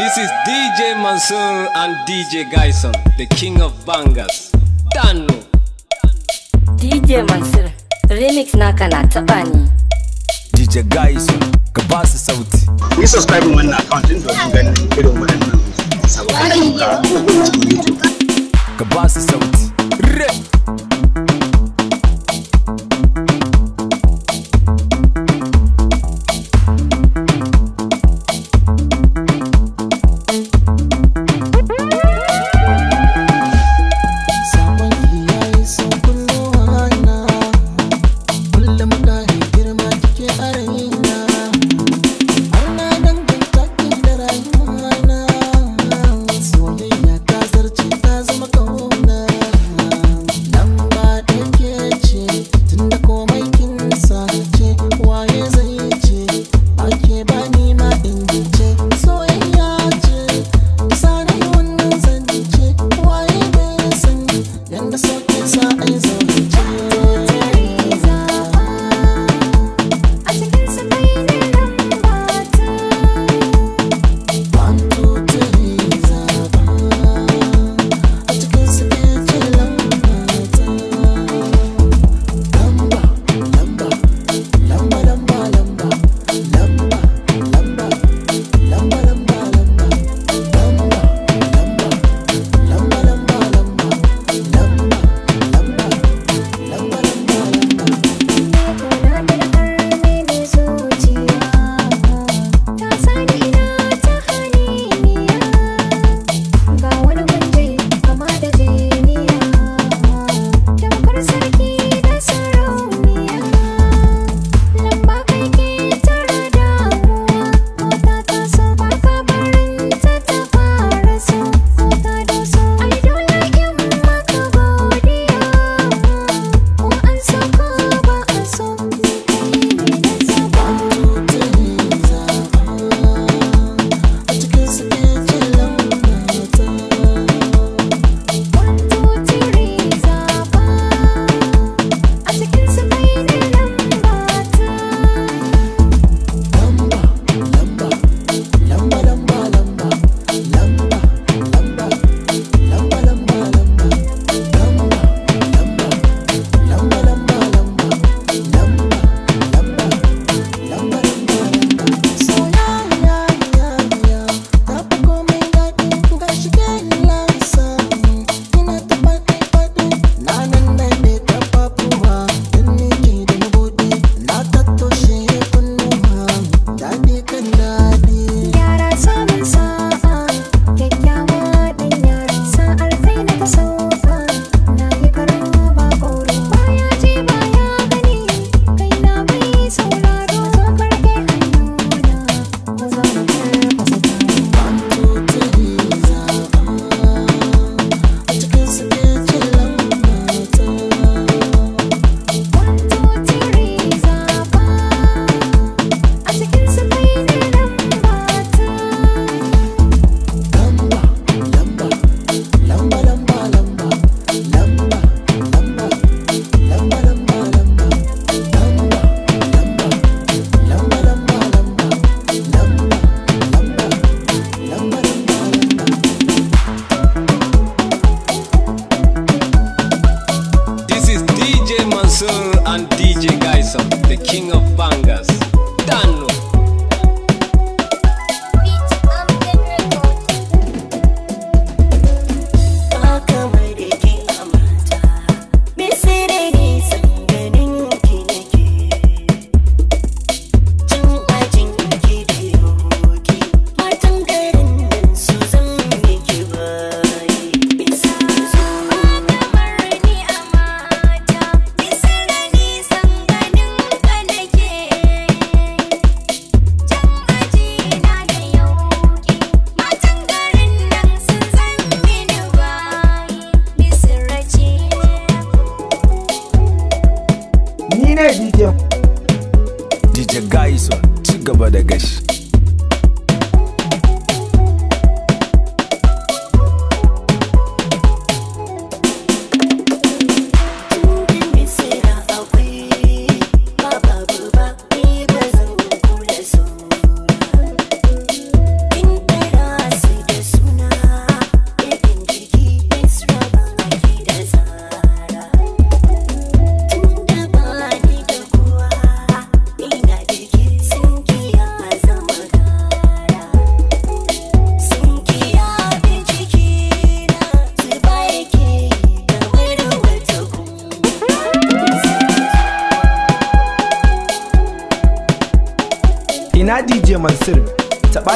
This is DJ Mansur and DJ Gyson, the king of bangers. Tanu. DJ Mansur, remix naka tabani. DJ Gyson, kabasa ba su sauti. Ku subscribe wannan account din not ganin irin waɗannan sababbin ayyuka a YouTube. Kabasa ba sauti. Rip.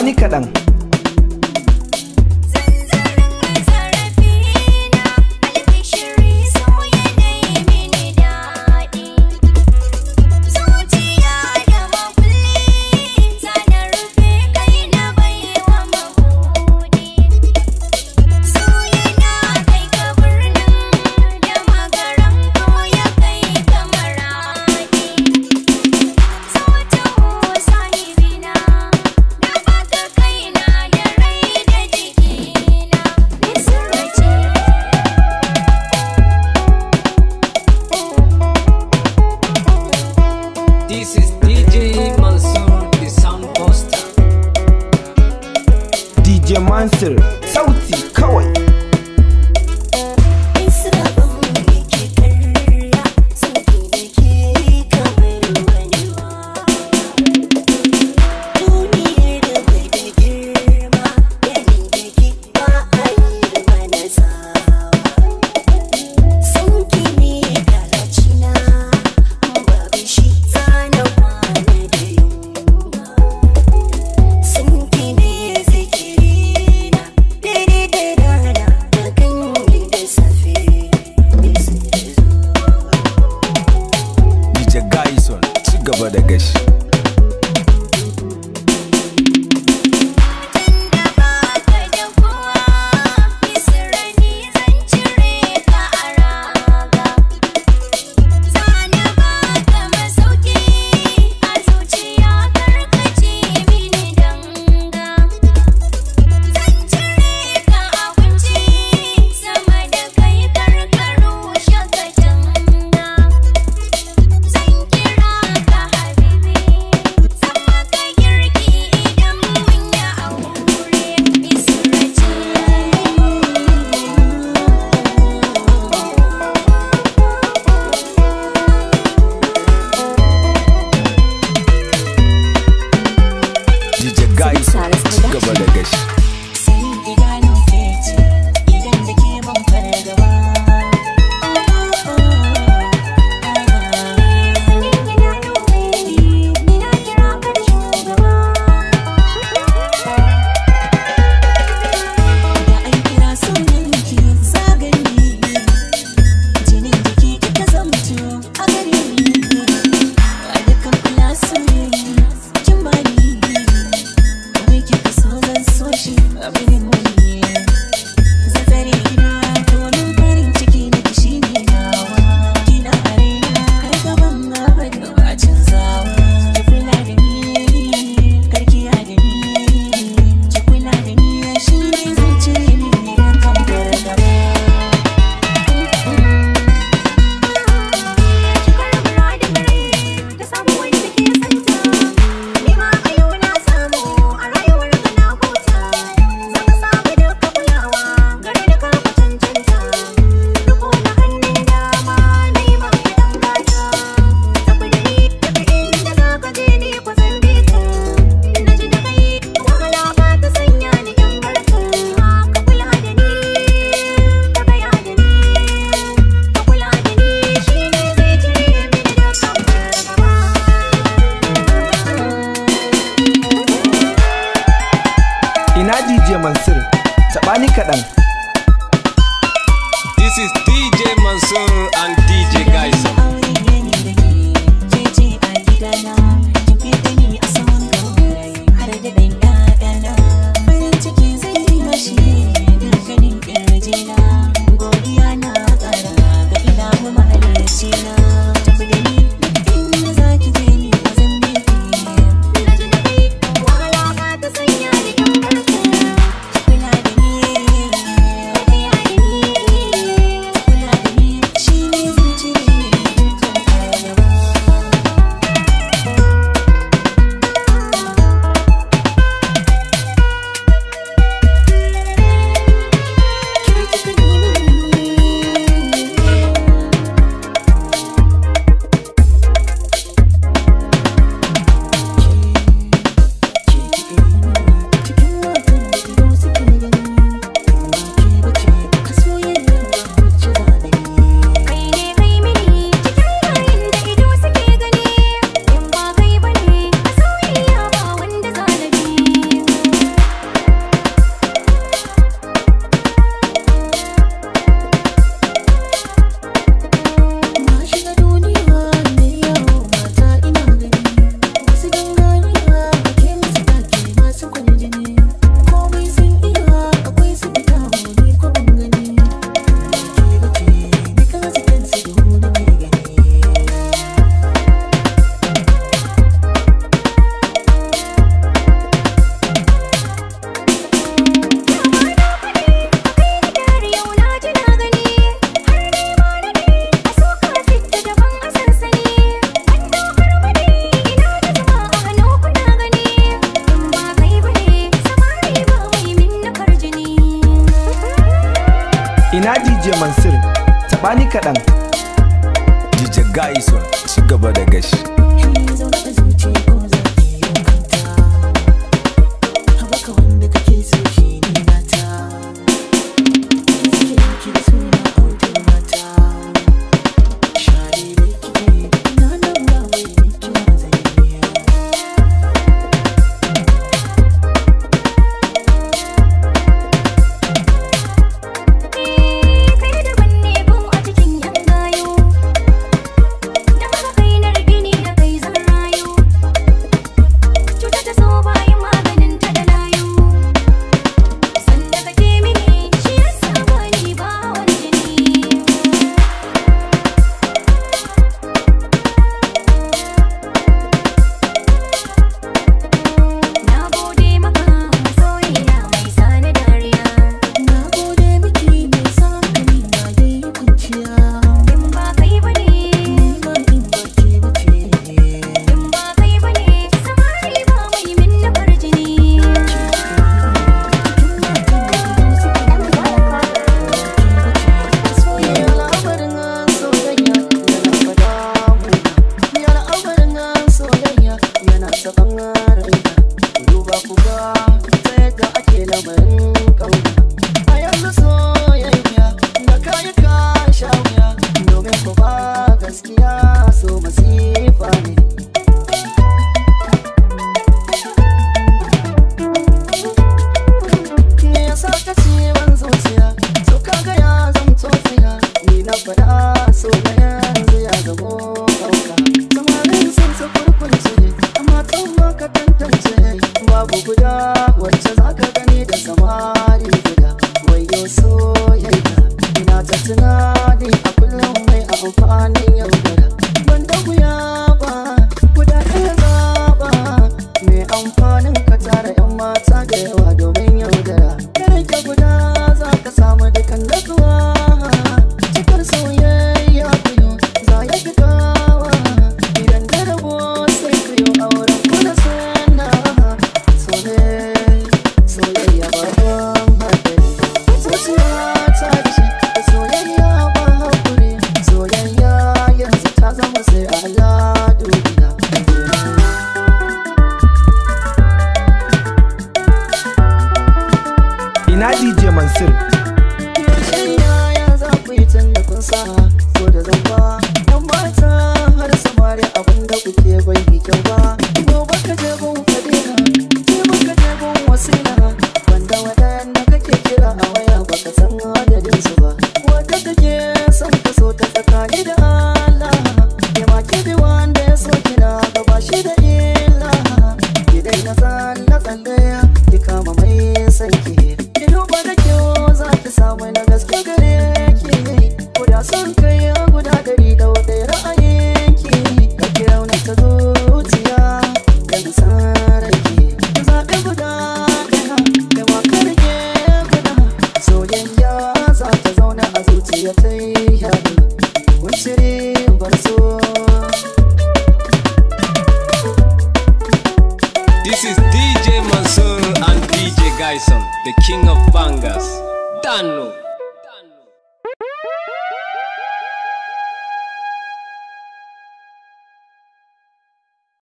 ni kadang This is DJ Mansur, the sound poster. DJ Mansoor. ci gaba da gashi yeah.